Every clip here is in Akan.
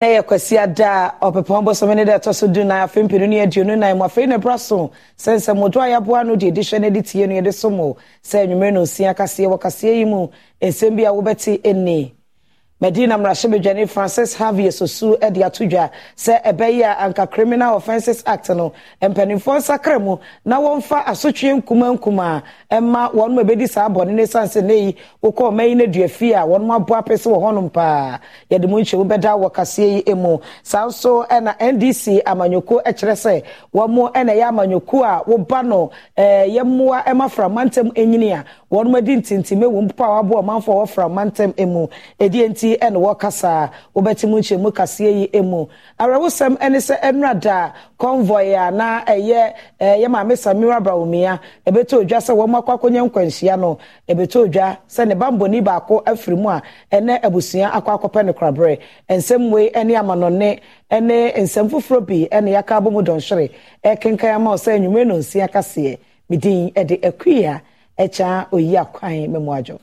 na yɛ kwasi ada a ɔpepɔn bɔsɔm ne dɛ ɛtɔ so du na afei mpenu ne aduonu nan mu afei ne bra so sɛnsɛm odo a yɛaboa no deɛ edihyɛ no de tie no yɛde so mo sɛ nnwumere na osia kaseɛ wɔ kaseɛ yi mu nsɛm bi a wobɛte ɛnne medina mmarahyɛbadwani francis harvey Susu de ato dwa sɛ ɛbɛyɛ a anka criminal offences act no mpanimfoɔ nsakra mu na wɔmfa asotwe nkuma nkuma a ɛma wɔn mu ɛbɛdi saa bɔne ne ɛsiane sɛ neyi wokɔ ɔma yi no aduafi a wɔn mu aboa pɛ sɛ wɔ hɔnom paa yɛde mu nkyɛmu bɛda wɔ kaseɛ yi mu saa nso ɛna ndc amanyɔkuo kyerɛ sɛ wɔn mu ɛna ɛyɛ amanyɔkuo a woba no ɛɛ eh, yɛmmoa ɛma framantam nyini a wɔn mu adi ntintim ewu mpopo a wɔaboa ɔmanfoɔ wɔ framantam mu ɛdeɛ nti ti ɛna wɔkasa wɔbɛtumi nkyɛmu kaseɛ yi mu awerɛwosɛm ne sɛ ɛnura da convoy a na ɛyɛ ɛyɛ maame samira bawumia ɛbɛtɔ odwa sɛ wɔn akɔ akɔnyɛ nkwanhyia no ɛbɛtɔ odwa sɛ ne bamboni baako afiri mu a ɛnɛ abusua akɔ akɔpɛ ne korabrɛ nsɛm wei ne amanɔne ne nsɛm foforɔ bi ne yɛaka abɔ mu dɔnhwere ɛkenkan ama sɛ nnwumire no kaseɛ medin ɛde akuya ɛkya oyi akwan mɛmoadwo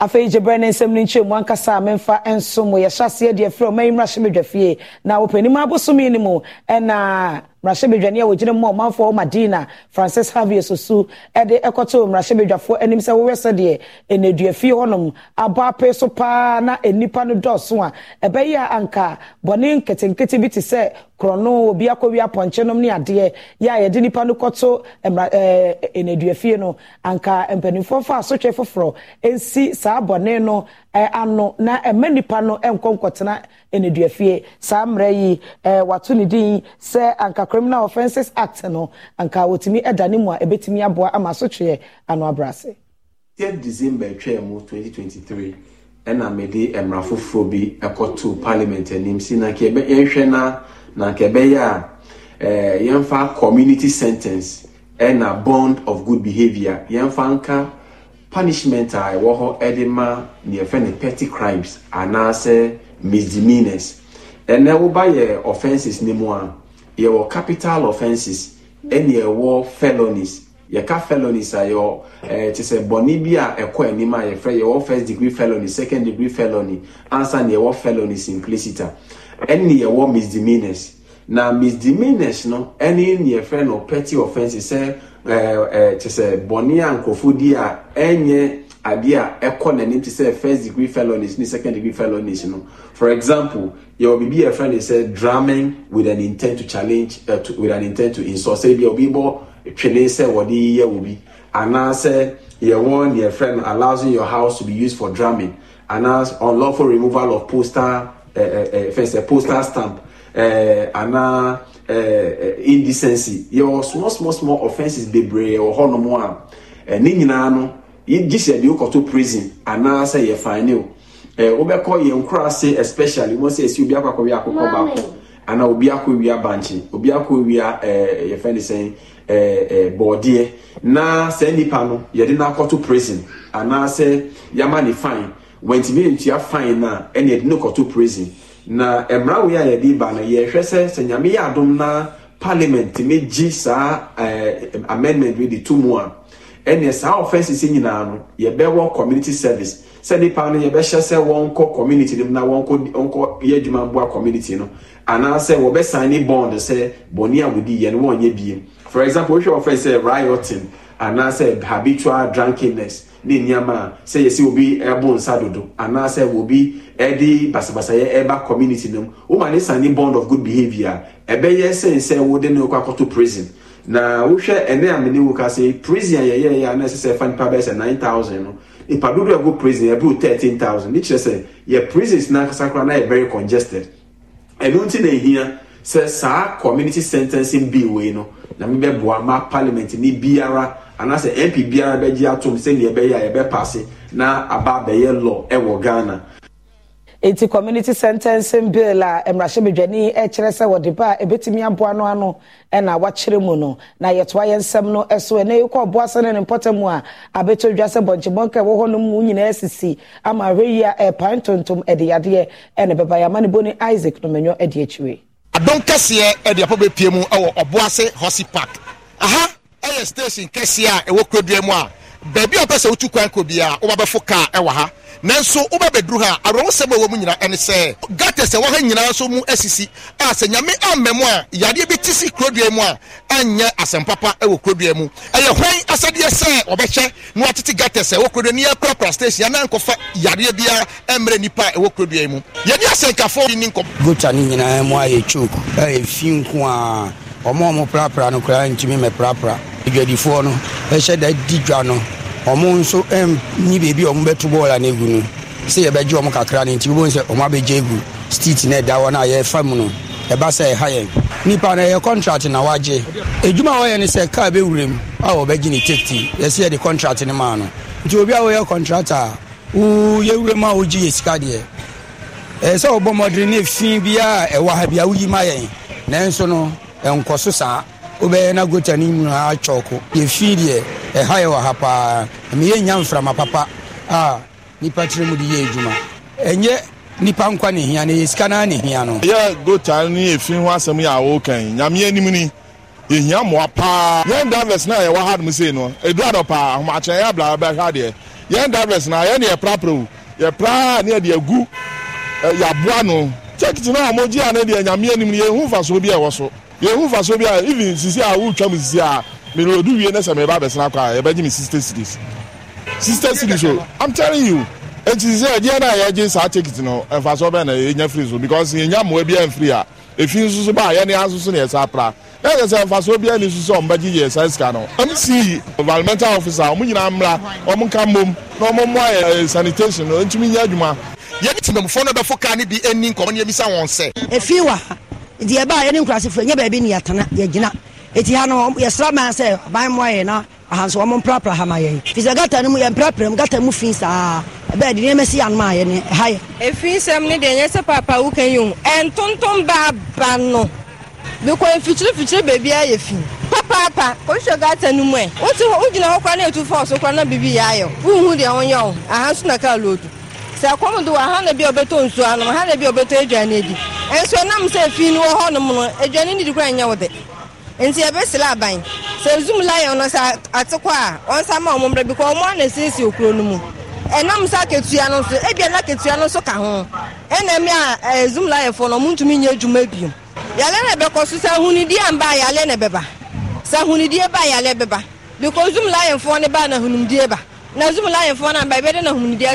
afei gyebrɛ ne nsɛm no nkyerɛ mu ankasa a memfa nso mu yɛhyɛ aseɛ deɛ frɛ ɔma yi mmarahyɛ medwa fie na wɔpɛnim abosom yi no mu ɛna mmarahyɛbadwani a wɔgyina mu a ɔmanfoɔ madina francis harvey sosu ɛde ɛkɔto mmarahyɛbadwafoɔ anim sɛ wɔwɛ sɛdeɛ nneduafie hɔnom abɔ apɛ so paa na nnipa no dɔɔso a ɛbɛyɛ a anka bɔne nketenkete bi te sɛ korɔno obi akɔwi apɔnkye nom ne adeɛ yɛ a yɛde nipa no kɔto mmara eh, no anka mpanimfoɔ fa asotwe foforɔ nsi saa bɔne no ɛɛ eh, ano na ɛmɛ nipa no nkɔ nkɔtena nneduafie saa mmerɛ yi ɛɛ eh, wato ne din sɛ anka criminal offences act no anka wɔtumi da ne mu a ɛbɛtumi aboa ama asotweɛ ano abrase. 10 december twɛn mu 2023 ɛna mede mmara foforɔ bi ɛkɔto parliament anim si na nka yɛnhwɛ na na ɛbɛyɛ a ɛɛ eh, yɛnfa community sentence ɛna bond of good behaviour yɛnfa nka punishment a ɛwɔ hɔ ɛde ma nea yɛfɛ no petty crimes anaasɛ misdemeanors ɛnɛ woba yɛ offences ne mu a yɛwɔ capital offences ɛne ɛwɔ felonies yɛka felonies a yɛwɔ ɛɛ te sɛ bɔnne bi a ɛkɔ anim a yɛfrɛ yɛwɔ first degree felony second degree felony ansa na yɛwɔ felonies implicita. a yɛwɔ misdemeanors na misdemeanors no ɛne neɛ no petty offences sɛ ɛɛ ɛɛ te sɛ bɔnne a nkurɔfoɔ di a ɛnyɛ adeɛ a ɛkɔ n'ani te sɛ first degree felonies ne second degree felonies no for example yɛwɔ biribi a yɛfrɛ no sɛ drumming with an intent to challenge uh, to, with an intent to insult sɛ bi a obi bɔ twene sɛ wɔde yɛ obi anaasɛ yɛwɔ ne yɛfrɛ no allowing your house to be used for drumming anaas unlawful removal of postal fɛn sɛ poster stamp uh, anaa uh, indecency yɛwɔ small small small offences bebree wɔ hɔnom a eh, ne nyinaa no gye sɛ deɛ wokɔto prison anaasɛ yɛ fine o ɛɛ wobɛkɔ yɛn nkora ase especially wɔn sɛ esi obi akɔ akɔwia akokɔ baako ana obi akɔwia bankye obi akɔwia ɛɛ yɛfɛ ne sɛn ɛɛ ɛɛ bɔɔdeɛ na sɛn nipa no yɛde no akɔto prison anaasɛ yɛama ne fine wɔntumi ntua fine na ɛna yɛde no kɔto prison na mmerɛ awoe a yɛde ba no yɛrehwɛ sɛ sɛ nyame yɛ adom na parliament mi gye saa ɛɛ amendment bi de to mu a ɛnna saa offences nyinaa no yɛbɛwɔ community service sɛ nipa no yɛbɛhyɛ sɛ wɔnkɔ community no mu na wɔnkɔ wɔnkɔ yɛ adwuma boa community no anaasɛ wɔbɛsan ne bond sɛ bɔnni a wɔdi yɛ no wɔnyɛ bie for example wohwɛ offence sɛ rioting anaasɛ habitual drunkenness ne nneɛma a sɛ yɛsɛ obi ɛbo nsa dodo anaasɛ obi ɛde basabasayɛ ɛba community no mu wɔn a ne san ne bond of good behaviour ɛbɛyɛ sɛn sɛ wɔde ne kɔ akɔto prison na wohwɛ ɛnɛ a mene wo ka sɛ prison a yɛyɛyɛ a na ɛsɛ sɛ ɛfa nipa bɛyɛ 9000 no nipa dodoɔ ɛgo prison ɛbi 13000 ne kyerɛ sɛ yɛ prisons no na yɛ very congested ɛno nti na ɛhia sɛ saa community sentencing bill wei no na mebɛboa ma parliament ne biara anaasɛ mp biara bɛgye atom sɛnea ɛbɛyɛ a yɛbɛpaase na aba abɛyɛ law ɛwɔ ghana eti community sentencing bill a mmarahyɛbadwani eh, kyerɛ sɛ wɔde ba a ɛbɛtumi aboa no ano eh, na wakyerɛ mu no na yɛtoa yɛ nsɛm no eh, so ɛnɛ yɛkɔ ɔboa sɛ ne mpɔta mu a abɛtɔ dwa sɛ bɔnkyebɔnka ɛwɔ hɔ no mu nyinaa sisi ama awerɛyi a ɛpan ntontom de yadeɛ ne bɛba yɛama ne boni isaac nomanwɔ de akyire adom kɛseɛ ɛde apɔ bɛpie mu ɛwɔ ɔboase hɔsi park aha ɛyɛ station kɛseɛ a ɛwɔ kurodua mu a baabi a ɔpɛ sɛ wotu kwan kɔ bia wobabɛfo kaa ɛwɔ ha nanso woba bɛduru ha awerɛwosɛm a wɔ mu nyinaa ɛne sɛ gata sɛ wɔha nyinaa nso mu asisi a sɛ nyame amma mu a yadeɛ bi te si kurodua mu a anyɛ asɛmpapa wɔ kurodua mu ɛyɛ hwan asadeɛ sɛ wɔbɛhyɛ na watete gata sɛ wɔ kurodua no yɛkorakora station ana nkɔfa yadeɛ biara mmerɛ nnipa a ɛwɔ kurodua mu yɛne asɛnkafoɔ bi ne nkɔm gota no nyinaa mu ayɛ chok ɛyɛ fi nko a ɔma ɔmo prapra no koraa ntumi mɛprapra adwadifoɔ no ɛhyɛ da di dwa no ɔmo nso nyi beebi a ɔmo bɛto bɔɔla no egu no sɛ yɛbɛgye ɔmo kakra no nti wobɛhu sɛ ɔmo abɛgye egu street na ɛda hɔ no a yɛfa mu no ɛba sɛ ɛha yɛn nipa no ɛyɛ contract na wagye edwuma a wɔyɛ no sɛ kaa bɛwura mu a wɔbɛgye ne tekti yɛsi yɛde contract no maa no nti obi a wɔyɛ contract a woyɛwura mu a wogye yɛ sika deɛ ɛyɛ sɛ wɔbɔ mmɔden ne fi bi a ɛwɔ ha bi a woyi ma yɛn nanso no ɛnkɔ so saa wobɛyɛ na gota no mu aa kyɔɔko yɛfii deɛ ɛha yɛ wɔ ha paa meyɛ nya mframa papa a nipa kyerɛ mu de yɛ adwuma ɛnyɛ nipa nkwa ne hia no yɛsika naa ne hia no yɛ gota no yɛfii ho asɛm yɛ awo nyameɛ anim ni yɛhia mmoa paa yɛn divers no a yɛwɔ ha nom sei no ɛdu adɔ paa ahomakyerɛ yɛ abla bɛhwɛ deɛ yɛn divers no a yɛne yɛprapra o yɛpraa ne yɛde agu yɛaboa no kyɛkiti no a ɔmɔgye a ne deɛ nyameɛ anim no yɛhu mfasoɔ bi a ɛwɔ so yehu fa so bi a even sisi a wotwa mu sisi a mene odu wie ne sɛ meba abɛsena kɔ a yɛbɛgye me sister series sister series o oh, i'm telling you eti sɛ ɛdeɛ no e e e a yɛgye saa ticket no ɛfa so bɛn na yɛnya firi so because yɛnya mmoa bi amfiri a efi nso so ba a yɛne asoso ne yɛsa apra na yɛ sɛ ɛfa so bi ani so sɛ ɔmbɛgye yɛ saa sika no mc environmental officer ɔmo nyinaa mmra ɔmo nka mmom na ɔmo mmoa yɛ sanitation no ntumi nyɛ adwuma yɛne tinamfoɔ no bɛfo kaa no bi ani nkɔmɔ ne yɛbisa wɔn sɛ ɛfi wɔ ha nti yɛba yɛne nkurasefoɔ ɛnyɛ baabi ne yɛtena yɛgyina ɛti ha no yɛsra ma sɛ ɔban mmoa yɛ na ahanso ɔmo mprapra hama yɛn firi sɛ gata no mu yɛmprapra mu gata mu fi saa ɛbɛɛ de nneɛma si anom a yɛne ɛha yɛ ɛfiri nsɛm ne deɛ ɛnyɛ sɛ papa wo ka yi ho ɛntontom baaba no bikɔ mfikyirifikyiri baabi ayɛ fi papaapa wohwɛ gata no mu ɛ wote hɔ wogyina hɔ koraa na ɛtu fa ɔso koraa na biribi yɛ ayɛ wohu deɛ wonyɛ wo aha na kaa loodu sɛ kɔm do wɔ ha na bi a ɔbɛtɔ nsuo anom ha na bi a ɔbɛtɔ aduane adi nso ɛnam sɛ fi no wɔ hɔnom no no di kora nyɛ wo de nti aban sɛ zum lion no sɛ a ɔnsa ma ɔmo mmerɛ ɔmo ana okuro no mu ɛnam sɛ akatua no nso ka ho ɛna a zum lion fo no ɔmo ntumi nyɛ adwuma na sa hunidie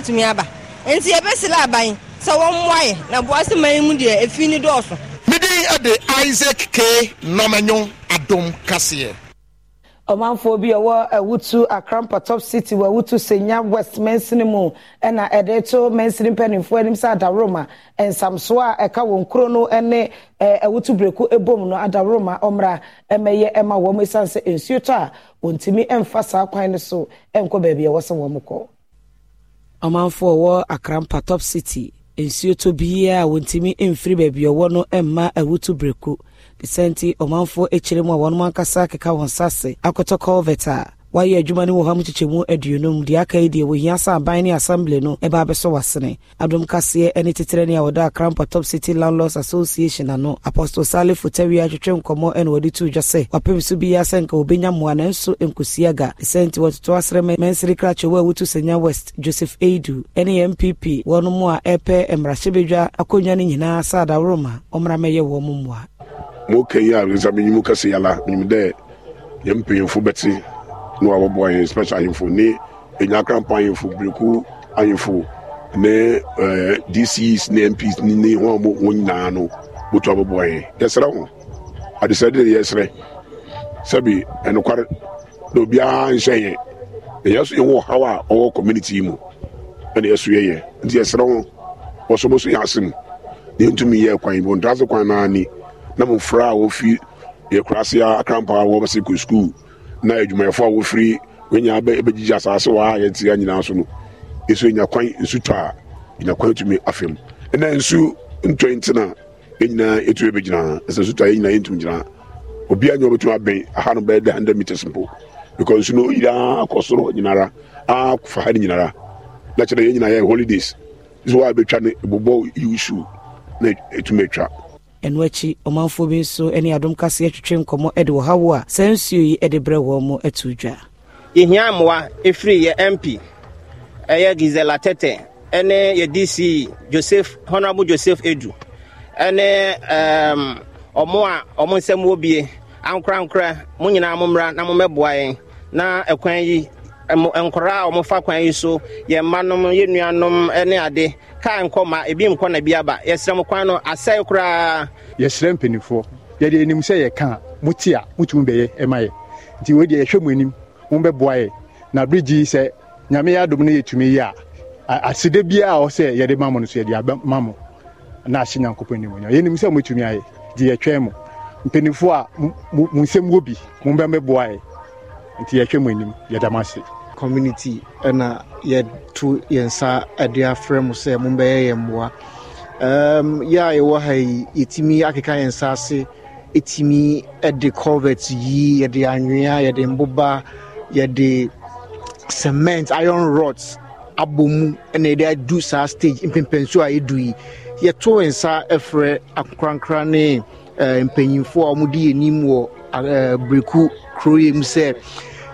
zum nti yɛbɛsi la aban sɛ wɔmmoa yɛ na boase man mu deɛ efi ni dɔɔso. medin ɛde isaac k nɔmɛnyo adom kaseɛ ɔmanfoɔ bi ɔwɔ awutu akrampa top city wɔ awutu senya west mansini mu ɛna ɛde to mansini mpanimfoɔ anim sɛ adaworoma nsamsoɔ a ɛka wɔn kuro no ne awutu breku ebom no adaworoma ɔmmra ɛmɛyɛ ɛma wɔn esiane sɛ nsuo tɔ a wɔntumi mfa saa kwan no so nkɔ baabi a wɔsɛ wɔn kɔ ɔmanfoɔ wɔwɔ akrampa top city nsuo tɔ biara a wɔntumi mfiri baabi ɔwɔ no mma awutu bereko ne sɛ nti ɔmanfoɔ akyire mu a wɔnom ankasa keka wɔn sase akɔtɔ culvert a wayɛ adwuma no wɔ hɔ amkyekyɛ mu aduonum deɛ aka yi deɛ wɔhia sɛ aban ne assembly no ɛba abɛsɔ wasene adom kaseɛ ne teterɛ ne a wɔda akrampa top city landlords association ano apostle sale fotawie atwetwe nkɔmmɔ ɛna wɔde too dwa sɛ wapem so biaa sɛ nka wɔbɛnya mmoa nanso nkosiaga ɛsɛ nti wɔtoto asrɛ mansere krakye wɔ a wɔtu sanya west joseph aidu ne mpp wɔno mu a ɛpɛ mmarahyɛbadwa akonnwa no nyinaa sɛ adaworoma ɔmmra mɛyɛ wɔ mo mmoa mokɛyi a mesamenyim kɛseyala menim dɛ yɛ mpanyimfo bɛte ne wɔabɔbɔ yɛn special ahemfo ne enyakampa ahemfo bereku ahemfo ne ɛɛ dcs ne mps ne ne wɔn a wɔn nyinaa no wotu abɔbɔ yɛsrɛ de yɛsrɛ sɛbi na nhyɛ na wɔ a ɔwɔ community yi mu ɛna yɛn yɛ yɛ nti yɛsrɛ ho wɔsɔ yɛ asem ne yɛ kwan bɔ ntaase kwan na mo fura a wofi yɛ akrampa a wɔbɛsi sukuu. na adwumayɛfoɔ a wɔfiri wɔnya bɛgyigye asase wɔ a yɛte a nyinaa so no ɛso ɛnya kwan nsu tɔ a ɛnya kwan tumi afam ɛna nsu ntɔ ntena ɛnyinaa ɛtumi bɛgyina ɛsɛ nsu tɔ a ɛnyinaa yɛntumi gyina obiara nyɛ wɔbɛtumi abɛn aha no bɛyɛ dɛ hundred meters mpo because nsu no nyinaa akɔ soro nyinara akɔfa ha no nyinara na kyerɛ yɛn nyinaa yɛ holidays nso wɔ a bɛtwa no ɛbobɔ yiwu shoe na ɛtumi atwa ɛno akyi ɔmanfoɔ bi nso ne adom kase atwitwe nkɔmmɔ de wɔ hawo a saa nsuo yi de brɛ wɔn mu ato dwa yɛhia mmoa ɛfiri yɛ mp ɛyɛ gisela tɛtɛ ɛne yɛ dc joseph honorable joseph edu ɛne um, ɔmo a ɔmo nsɛm wɔ bie ankorankora mo nyinaa mommra na mommɛboa yɛn na ɛkwan yi nkwaraa a wɔfa kwan yi so yɛn mmanom yɛn nuanom ne ade kaa nkɔma ebi nkɔ na bi aba yɛsrɛ mo kwan no asɛe koraa. yɛsrɛ mpanimfoɔ yɛde anim sɛ yɛka mo te a motumi bɛyɛ ɛma yɛ nti wei deɛ yɛhwɛ mo anim mo bɛboa yɛ na birigyi sɛ nyame yɛ adom no yɛtumi yi a asede biara a ɔsɛ yɛde ma mo no so yɛde aba ma mo na ahyɛ nyankopɔn anim nyɛ yɛnim sɛ motumi ayɛ nti yɛtwɛn mo mpanimfoɔ a mo nsɛm wɔ bi mo bɛmɛboa yɛ nti yɛhwɛ mo anim yɛda mo ase community ɛna yɛto yɛn nsa ɛde afrɛ mo sɛ mombɛyɛ yɛn mmoa um, yɛ a yɛwɔ ha yi yɛtumi akeka yɛn nsa ase ɛtumi ɛde culvert yi yɛde anwea yɛde mboba yɛde cement iron rods abɔ mu ɛna yɛde adu saa stage mpempɛnsuo a yɛdu yi yɛto nsa ɛfrɛ akorankora ne uh, mpanyinfoɔ a wɔde yɛn nim wɔ uh, kuro yɛ mu sɛ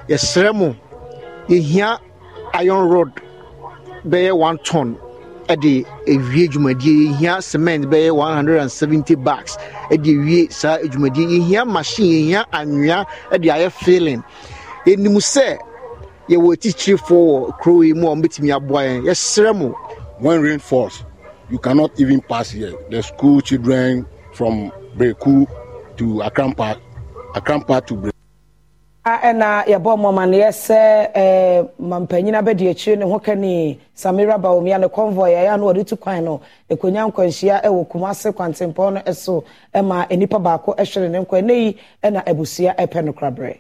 yɛsrɛ mo yɛhia iron rod bɛyɛ one ton ɛde ewie dwumadie yɛhia cement bɛyɛ one hundred and seventy bags ɛde ewie saa dwumadie yɛhia machine yɛhia anwea ɛde ayɛ filling yɛnim sɛ yɛwɔ atikyirefoɔ wɔ kuro yi mu a wɔbɛtumi aboa yɛn yɛsrɛ mo. when rain falls you cannot even pass here the school children from breku to akrampa akrampa to breku. a ah, ɛna eh, yɛbɔ mmɔmaneɛ sɛ eh, mampanyin abɛdi akyire ne ho kani samira baomia ne convoy ɛyɛ no wɔde tu kwan no ɛkɔnya nkwanhyia ɛwɔ kumase kwantempɔn no so ɛma nnipa baako ɛhwere ne nkwa ɛnɛ yi ɛna abusua ɛpɛ no koraberɛ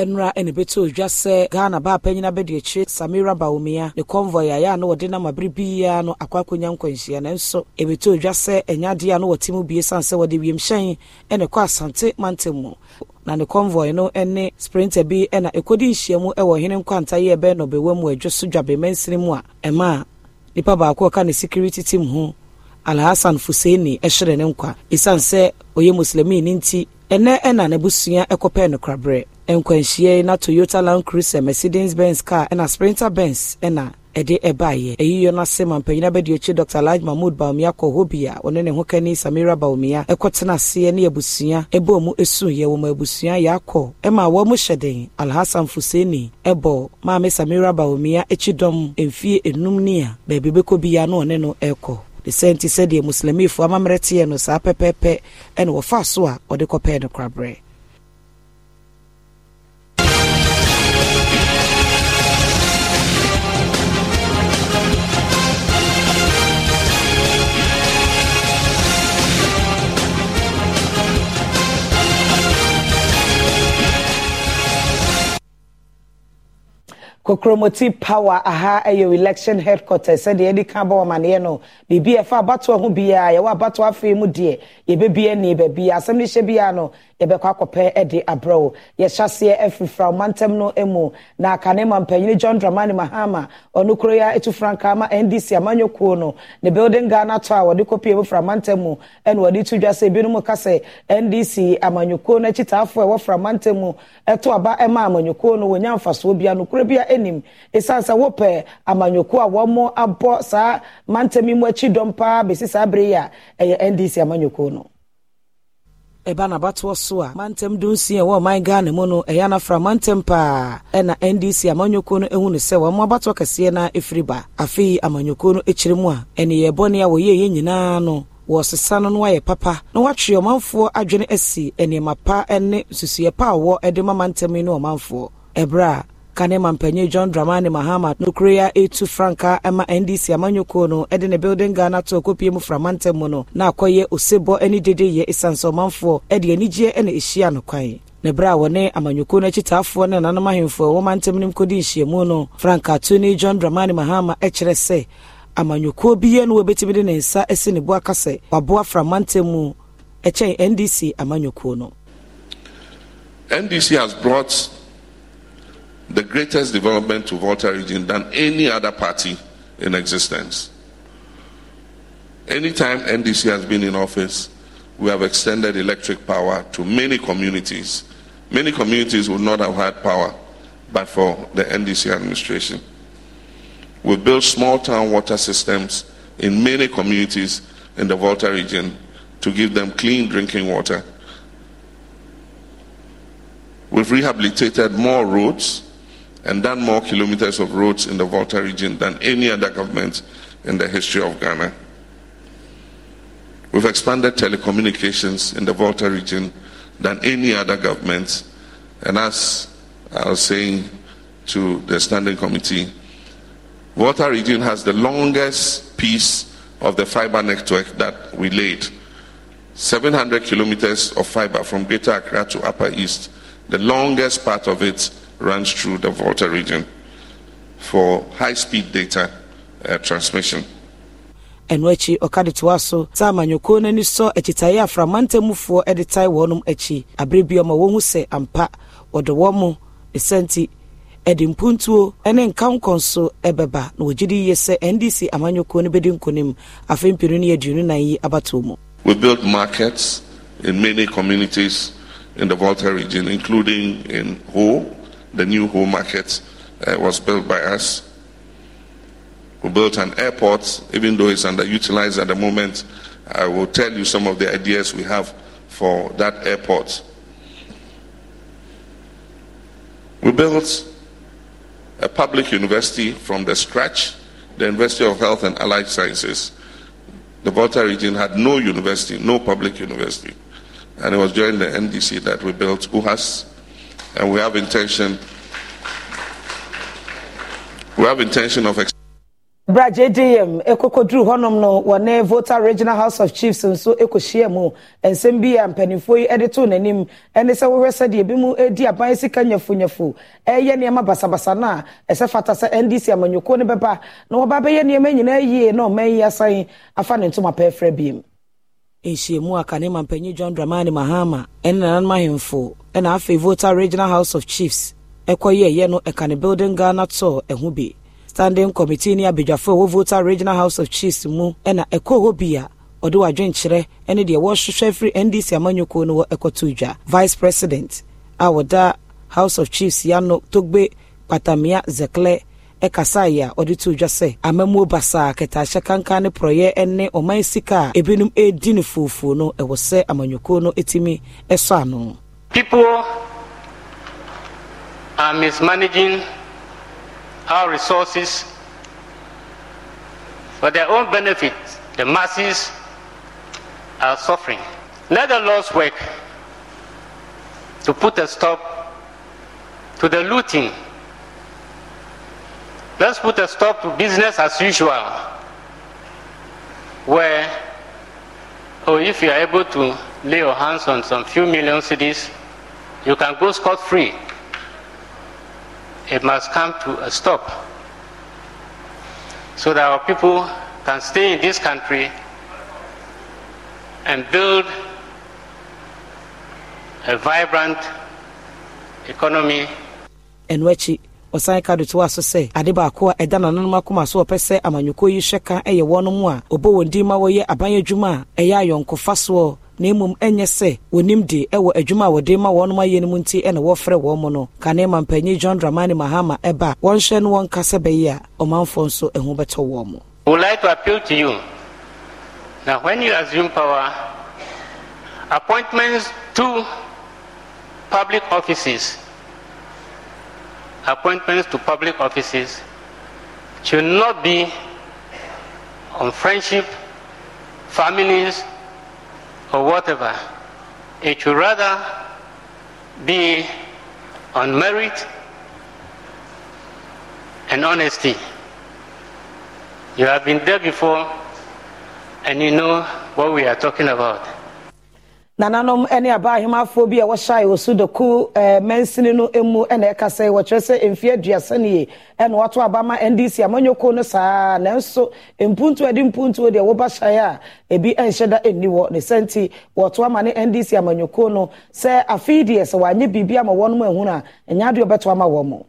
ɛnora ɛne bɛtɔ odwa sɛ ghana baa pa nyina akyire samira baomia ne convoy ayɛ a na wɔde nam abere biara no akɔ akɔnya nkwanhyia nanso ɛbɛtɔ e odwa sɛ ɛnya adeɛ a na wɔte mu bie sane sɛ wɔde wiemhyɛn kɔ asante mu na ne convoy no ne sprinter bi na ɛkɔdi nhyiamu wɔ hene nkwanta yi ɛbɛyɛ nɔbɛwa mu adwo so dwabemansini mu a ɛma nipa baako ɔka ne security team ho alhassan fuseni ne nkwa ɛsiane sɛ ɔyɛ muslimini nti ɛnɛ n'abusua nkwanhyia na toyota land cruiser mercedes benz car ɛna sprinter benz ɛna ɛde ɛbaeɛ ɛyi yɛ no ase ma mpanyin abɛdi akyi dr alhaji mahmood baomia kɔ hɔ bi ne ho kani samira baomia ɛkɔtena aseɛ ne abusua ɛbɔɔ mu esu wɔ ma abusua yɛakɔ ɛma wɔn mu hyɛ den alhassan fuseni ɛbɔ maame samira baomia akyidɔm mfie enum ne a baabi bɛkɔ bia na ɔne no ɛrekɔ ne sɛ nti sɛdeɛ muslimifoɔ amammerɛ teɛ no saa pɛpɛɛpɛ ɛna wɔfa so a ɔde kɔpɛɛ no koraberɛ kokromoti power aha ɛyɛ election headquarters sɛdeɛ yɛde ka bɔ ɔmaneɛ no biribi ɛfa abatoɔ ho biara yɛwɔ abatoɔ afei mu deɛ yɛbɛbia ni baabi asɛm no hyɛ biara no yɛbɛkɔ akɔpɛ de abrɛ wo yɛhyɛseɛ afirifira ɔmantam no mu na kanema mpanyini john dramani mahama ɔno koro yɛ ɛtu frankaa ma ndc amanyɔkuo no ne building ghana tɔ a wɔde kɔpie mu framantam mu ɛna wɔde to dwa sɛ ebinom ka sɛ ndc amanyɔkuo no akyitaafoɔ ɛwɔ framantam mu ɛto aba ɛma amanyɔkuo no wɔnya mfasoɔ bia nokoro bia anim ɛsiane sɛ wopɛ amanyɔkuo a wɔn abɔ saa mantam yi mu akyi dɔm paa bɛsi saa bere ɛyɛ ndc amanyɔkuo no ɛba n'abatoɔ so a mantam dunsia ɛwɔ ɔman ghana mu no ɛyɛ anafra mantam paa ɛna ndc amanyɔkuo no ehu no sɛ wɔn abatoɔ kɛseɛ na efiri ba afei amanyɔkuo no ekyir mu a ɛneyɛ bɔne a wɔyɛ yɛn nyinaa no wɔsesa no no ayɛ papa na wɔatwe ɔmanfoɔ adwene asi e nneɛma e pa ne nsusuɛ pa a wɔde ma mantam yi ne ɔmanfoɔ ɛberɛ ka ne mampanyin john dramani mahama nokorɛ ya ɛtu franka ma ndc amanyɔkuo no ɛde ne building ghana to akɔpie mu framantɛm mu no na akɔyɛ osebɔ ne dedeyɛ ɛsiane sɛ ɔmanfoɔ ɛde anigyeɛ na ɛhyia no kwan ne berɛ a wɔne amanyɔkuo no akyitaafoɔ ne nanom ahemfo a wɔma ntɛm no mkɔdi nhyiamu no frankato ne john dramani mahama ɛkyerɛ sɛ amanyɔkuo biara no wɔbɛtumi de ne nsa asi ne bo aka sɛ waboa framantɛm mu ɛkyɛn ndc amanyɔkuo no ndc has brought the greatest development to Volta region than any other party in existence. Anytime NDC has been in office, we have extended electric power to many communities. Many communities would not have had power but for the NDC administration. We built small town water systems in many communities in the Volta region to give them clean drinking water. We've rehabilitated more roads and done more kilometers of roads in the Volta region than any other government in the history of Ghana. We've expanded telecommunications in the Volta region than any other government. And as I was saying to the standing committee, Volta region has the longest piece of the fiber network that we laid. 700 kilometers of fiber from Greater Accra to Upper East, the longest part of it runs through the Volta region for high-speed data uh, transmission. ɔka de toa so sɛ no ani sɔ akyitaeɛ de tae akyi aberɛ bi ɔma wɔhu sɛ ampa wɔde wɔ mo ɛde mpuntuo ne nka nkɔn so na wɔgye yie sɛ ndc amanyɔkuo no bɛdi nkonim afei mpinu aduonu nan yi mu We built markets in many communities in the Volta region, including in Ho, the new home market uh, was built by us. We built an airport, even though it's underutilized at the moment. I will tell you some of the ideas we have for that airport. We built a public university from the scratch, the University of Health and Allied Sciences. The Volta region had no university, no public university. And it was during the NDC that we built UHAS, and we have intention. We have intention of. Ex- bra jdm ɛkɔkɔduru hɔnom no wɔne voter regional house of chiefs nso ɛkɔhyia mu nsɛm bi a mpanimfoɔ yi de too n'anim ne sɛ wohwɛ sɛdeɛ bi di aban sika nyafonyafo ɛyɛ nneɛma basabasa no a ɛsɛ fata sɛ ndc amanyɔkuo no bɛba na wɔba bɛyɛ nneɛma nyinaa yie na ɔman yi asan afa ne ntoma pɛɛfrɛ biem nhyiamu a kane mampanyin john dramani mahama ɛne nananom ahemfo ɛna afei voter regional house of chiefs ɛkɔyɛ ɛyɛ no ɛkane building ghana tour ɛho bi standing committee ne abadwafo a ɛwɔ voter regional house of chiefs mu ɛna ɛkɔɔ hɔ bi a ɔde wadwenkyerɛ ne deɛ wɔrehwehwɛ firi ndc amanyɔkuo no wɔ ɛkɔto dwa vice president a wɔda house of chiefs yano togbe patamia zekle ɛkasaeɛ a ɔde to dwa sɛ amamuo basaa kɛtaahyɛ kanka ne porɔyɛ ne ɔman sika a ebinom ɛredi ne fuofuo no ɛwɔ sɛ amanyɔkuo no ɛtumi ɛsɔ ano People are mismanaging our resources for their own benefit. The masses are suffering. Let the laws work to put a stop to the looting Let's put a stop to business as usual, where, or oh, if you are able to lay your hands on some few million cities, you can go scot free. It must come to a stop so that our people can stay in this country and build a vibrant economy. And what she ɔsan ka dotow aso sɛ ade baako a ɛda n'anonom akoma so wɔpɛ sɛ amanyɔkuo yi hyɛ ka ɛyɛ wɔn mu a ɔbɔ wɔn din ma wɔyɛ aban adwuma a ɛyɛ ayɔnkofa soɔ na mmom ɛnyɛ sɛ wɔnim de ɛwɔ adwuma a wɔde ma wɔnom ayɛ no mu nti ɛna wɔfrɛ wɔn mu no kane ma mpanyin john dramani mahama ɛba wɔnhyɛ no wɔn kasa bɛyi a ɔmanfoɔ nso ɛho bɛtɔ wɔn mu. we would like to appeal to you that when you assume power appointments to public offices appointments to public offices should not be on friendship, families, or whatever. It should rather be on merit and honesty. You have been there before and you know what we are talking about. nananom ne aba ahemafoɔ bi a wɔhyɛ a wɔsu doku eh, mansini no mu na ɛkasa yi wɔkyerɛ sɛ mfe aduasa no yie ɛna wato aba ma ndc amanyɔkuo no saa nanso mpuntuo de mpuntuo deɛ wɔba hyɛ a ebi nhyɛ da nni wɔ ne sɛ nti wɔto ama ne ndc amanyɔkuo no sɛ afei deɛ sɛ wɔanyɛ biribi ama wɔn mu ahunu ɛnyɛ adeɛ ɔbɛto ama wɔn mo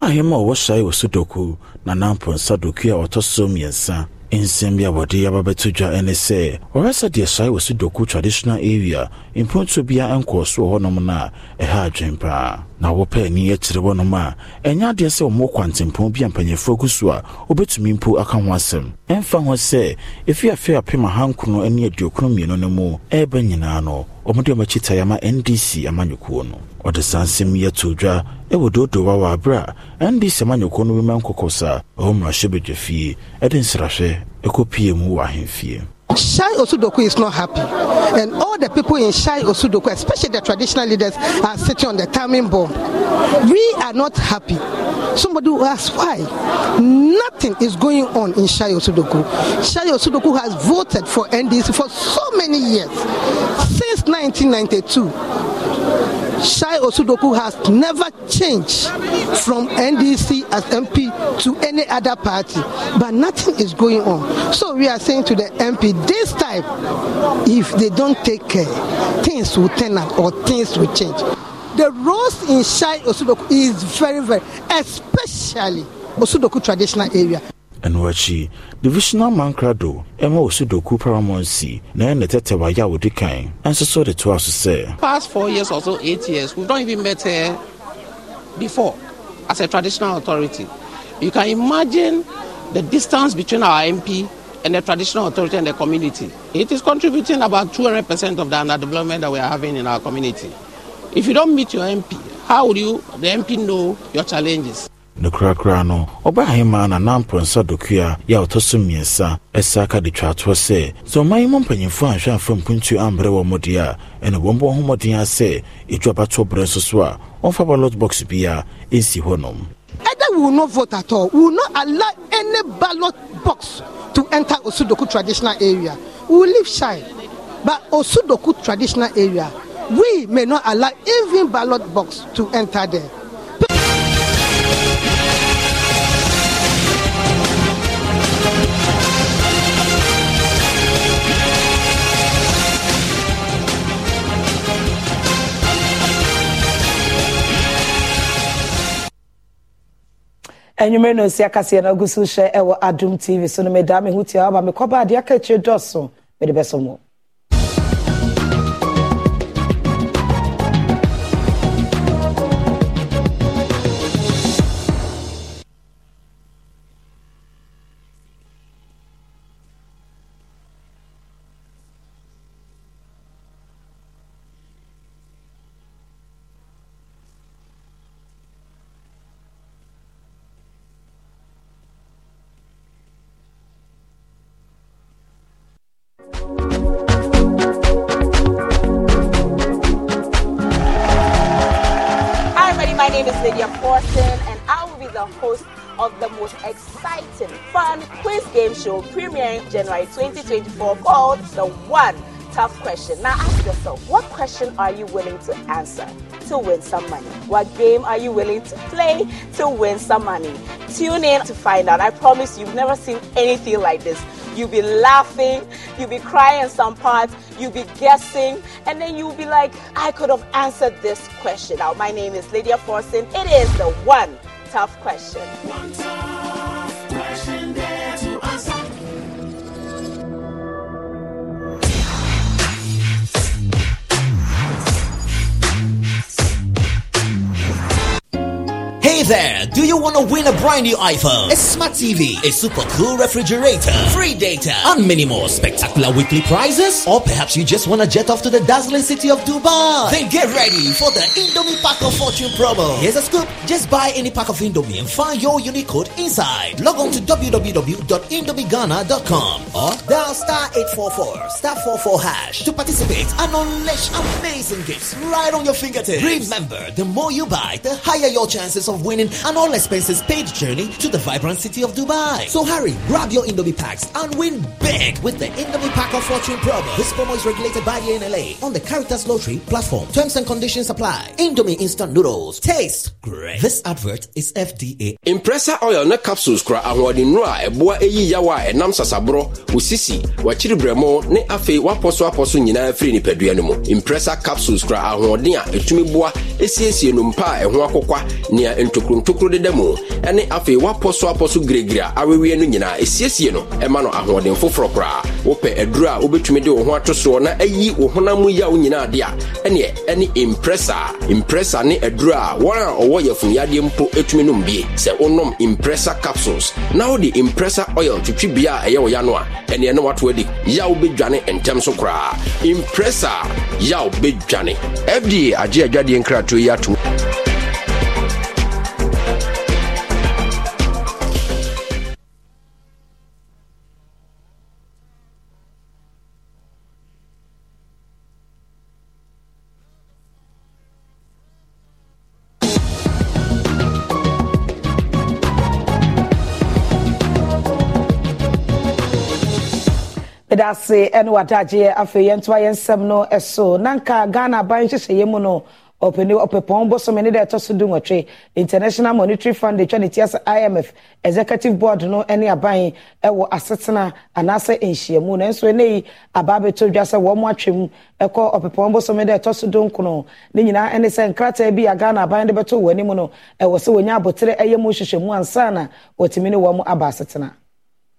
ahema a wɔhyɛ a wɔsu doku nana mponsa a ɔtɔ so mmiɛnsa nsɛm bi a wɔde yaba bɛto dwa ne sɛ wɔhwɛ sɛ deɛ sɔe wɔ sudoku traditional area mpontuo biara nkɔɔ so wɔ hɔnom no a ɛha adwen paa na wɔpɛ ani akyerɛ wɔnom a ɛnyɛ adeɛ sɛ ɔmmɔ kwantempɔn bi a mpanyimfoɔ gu so a wɔbɛtumi mpo aka ho asɛm ɛmfa ho sɛ ɛfi afe apem ahankrono ne aduokron mmienu no mu ɛrebɛ nyinaa no ɔmode ɔmakyitaeɛ ama ndc amanyɔkuo no ɔde saa nsɛm yi ato dwa ɛwɔ doodowa wɔ abere a ndc amanyɔkuo no bɛma nkɔkɔ sa ɛwɔ mmarahyɛ badwafie ɛde nsrahwɛ ɛkɔpie mu wɔ ahemfie Shai Osudoku is not happy. And all the people in Shai Osudoku, especially the traditional leaders, are sitting on the timing bomb. We are not happy. Somebody will ask why. Nothing is going on in Shai Osudoku. Shai Osudoku has voted for NDC for so many years, since 1992. Shai Osudoku has never changed from NDC as MP to any other party, but nothing is going on. So we are saying to the MP this time, if they don't take care, things will turn out or things will change. The roads in Shai Osudoku is very, very, especially Osudoku traditional area ɛno akyi divisional mankrado ɛma wɔ sudoku paramonsi na ɛne tɛtɛwayɛ a wɔdi kan ɛnso so de toa so sɛ past four years or so eight years we've not even met her before as a traditional authority you can imagine the distance between our mp and the traditional authority and the community it is contributing about 200% of the underdevelopment that we are having in our community if you don't meet your mp how would you the mp know your challenges ne no ɔbaa hemaa na nampɔnsa dokua yɛ a ɔtɔ so mmiɛnsa ɛsa aka de twaatoɔ sɛ sɛ ɔman yi mu mpanyimfo anhwɛ amfa mpuntu ambrɛ wɔ mo a ɛne wɔn bɔ homɔden a sɛ ɛdwa batoɔ berɛ nso so a ɔmfa ballot box biara ɛnsi hɔnom either we will not vote at all we will not allow any ballot box to enter osudoku traditional area we will live shy but osudoku traditional area we may not allow even ballot box to enter there enyimire na osi akasi na ogusu hyɛ ɛwɔ adum tv so no meda me ho tia aba me adeɛ aka akyire dɔso mede bɛso mo Hi, everybody. My name is Lydia Porson, and I will be the host of the most exciting, fun quiz game show premiering January 2024 called The One Tough Question. Now ask yourself, what question are you willing to answer to win some money? What game are you willing to play to win some money? Tune in to find out. I promise you've never seen anything like this. You'll be laughing, you'll be crying some parts, you'll be guessing, and then you'll be like, I could have answered this question. Now, my name is Lydia Forson. It is the one tough question. One there! Do you want to win a brand new iPhone, a smart TV, a super cool refrigerator, free data, and many more spectacular weekly prizes? Or perhaps you just want to jet off to the dazzling city of Dubai? Then get ready for the Indomie Pack of Fortune promo. Here's a scoop. Just buy any pack of Indomie and find your unique code inside. Log on to www.indomighana.com or dial star 844 star 44 hash to participate and unleash amazing gifts right on your fingertips. Remember, the more you buy, the higher your chances of winning dining, and all expenses paid journey to the vibrant city of Dubai. So hurry, grab your Indomie packs and win big with the Indomie Pack of Fortune promo. This promo is regulated by the NLA on the Caritas Lottery platform. Terms and conditions apply. Indomie instant noodles taste great. This advert is FDA. Impressor oil na capsules kura awɔde nnuro a ɛboa eyi yawa a ɛnam usisi osisi, wakyiri ne afei wapɔ so apɔ so nyinaa firi nipadua no mu. Impressor capsules kura ahoɔden a ɛtumi boa esiesie no mpa a ɛho akokwa nea ntoko nkuruntokuro deda mu ɛne afei wapɔ so apɔ so giregira awewie no nyinaa esiesie no ɛma no ahoɔden foforɔ koraa wopɛ aduro a wobɛtumi de wo ho ato soɔ na ayi wo honam mu yaw nyinaa de a ɛneɛ ɛne impressa impressa ne aduro a wɔn a ɔwɔ yɛfunuyadeɛ mpo etumi nom bie sɛ wonom impressa capsules na wode impressa oil twitwi bea a ɛyɛ wo ya no a ɛneɛ no wato adi yaw bɛdwane ntɛm so koraa impressa yaw bɛdwane fda agye adwadeɛ nkratoɔ yi atom ɛda ase ɛne wadagyeɛ afei yɛn ntoa yɛn nsɛm no ɛso nanka ghana aban nhyehyɛeɛ mu no ɔpɛni ɔpɛpɔn bosome ne deɛ ɛtɔ so du international monetary fund etwa ne ti ase imf executive board no ne aban ɛwɔ asetena anaasɛ nhyiamu na nso ne yi abaa bɛtɔ dwa sɛ wɔn atwa mu ɛkɔ ɔpɛpɔn bosome deɛ ɛtɔ so du nkono ne nyinaa ne sɛ nkrataa bi a ghana aban de bɛtɔ wɔn anim no ɛwɔ sɛ wɔnyɛ abotire ɛyɛ mu nhyehyɛmu ansana wɔtumi ne wɔn aba asetena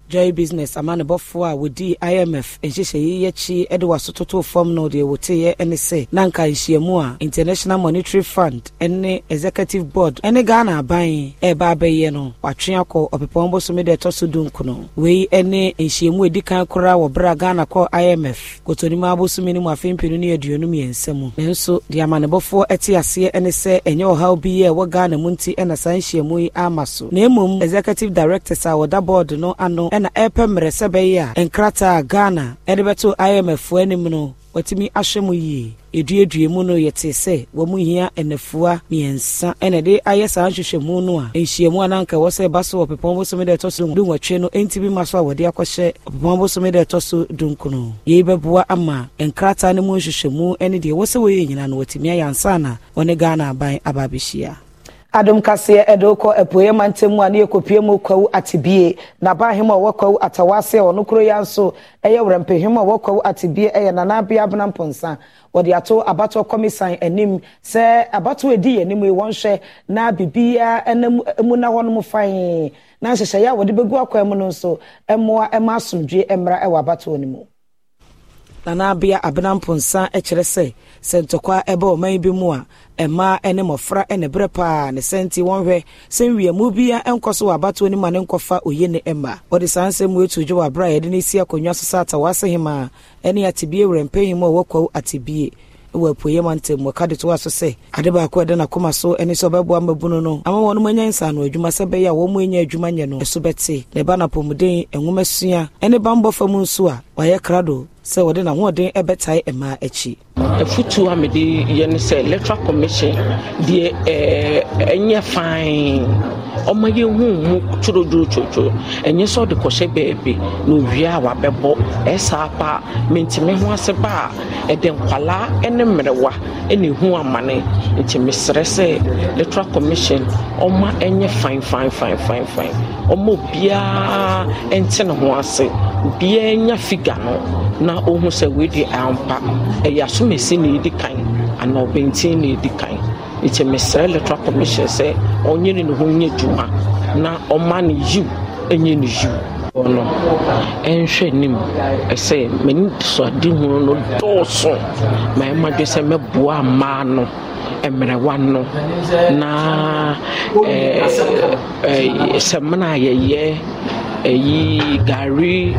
joy business amanebɔfoɔ a wɔdii imf nhyehyɛyi yɛkyi de waso totoo fam no deɛ wɔteeɛ ne sɛ na anka nhyiamu a international monetary fund ne executive board ne ghana aban ɛreba abɛyɛ no watwe akɔ ɔpepɔn bosome de ɛtɔ so dunkono wei ne nhyiamu a ɛdi kan koraa wɔ berɛ a ghana kɔ imf kotonima abosome no mu afempinu ne aduonu mmiɛnsa mu nanso deɛ amanebɔfoɔ te aseɛ ne sɛ ɛnyɛ ɔhaw bi yɛ ɛwɔ ghana mu nti ɛna saa nhyiamu yi ama so na mmom executive directors a wɔda board no ano ɛna ɛrepɛ mmerɛ sɛ bɛyɛ a nkrataa ghana ɛde bɛto imf anim no wɔatumi ahyɛ mu yie eduadua mu no yɛte sɛ wɔn mu hia nnafua mmiɛnsa ɛna de ayɛ saa nhwehwɛmu no a nhyiamu a nanka wɔ sɛ ɛba so wɔ pepɔn bosom de ɛtɔ so dunwɔtwe no enti bi ma so a wɔde akɔhyɛ pepɔn bosom de ɛtɔ so dunkunu yei bɛboa ama nkrataa no mu nhwehwɛmu ne deɛ ɛwɔ wɔyɛ nyinaa no wɔatumi ayɛ ansa na wɔne ghana aban aba abɛhyia adom kaseɛ ɛde wokɔ apueɛ mantam mu a ne yɛkɔpie mu kwawu atebie nabahema a ɔwɔ kwawu atawase a ɔno koro yɛ nso ɛyɛ werɛmpehema a ɔwɔ kwawu atebie ɛyɛ nanabea abena mponsa wɔde ato abatoɔ kɔmisan anim sɛ abatoɔ edi yɛn anim yi wɔn na bibia ɛna mu na hɔnom fain na nhyehyɛeɛ a wɔde bɛgu akwan mu no nso ɛmoa ɛma asomdwe ɛmra ɛwɔ abatoɔ no mu nanaabea abenamponsa kyerɛ sɛ sɛ ntɔkwa ɛbɛ ɔman bi mu a ɛmaa ne mmɔfra ne berɛ paa ne sɛ nti wɔnhwɛ sɛ nwiamu bia nkɔ so wɔ abatoɔ no ma ne nkɔfa oye ne mma wɔde saa nsɛm mu ɛtu dwo wɔ aberɛ a yɛde no si akonnwa so sɛ atawase hemaa ɛne atebie werɛmpɛhim a wɔkwaw atebie wɔ apueɛ ma ntam wɔka de to a so sɛ ade baako ɛda n'akoma so ɛne sɛ ɔbɛboa mmabunu no ama wɔn mo anya nsa no adwuma sɛ ɛbɛyɛ a wɔn anya adwuma nyɛ no ɛso bɛte na ɛba n'apɔmuden nwoma sua ɛne bambɔ fam nso a krado sɛ wɔde n'ahoɔden ɛbɛtae mmaa akyi afutuo a mede yɛ sɛ electoral commission deɛ ɛnyɛ eh, ɔma yɛ hu hu tworodworotworodworo ɛnyɛ sɛ ɔde kɔhyɛ baabi na owie a wabɛbɔ ɛsaa paa mentimi hu ase ba a ɛde nkwalaa ne mmerewa ne amane nti mesrɛ sɛ electoral commission ɔma ɛnyɛ fain fain fain fine fine ɔma obiara ɛnte ne ho ase obiara nya figa no na ɔhu sɛ wei de ampa ɛyɛ asomesi na edi kan anaa ɔbɛntin na edi kan nti mesrɛ electoral commission sɛ ɔnyɛ ne ne ho nyɛ dwuma na ɔma ne yiw ɛnyɛ ne yiw no ɛnhwɛ anim ɛsɛ m'ani soade hu no dɔɔso ma ɛma dwe sɛ mɛboa mmaa no mmerɛwa no na sɛ mmena a yɛyɛ ɛyi gari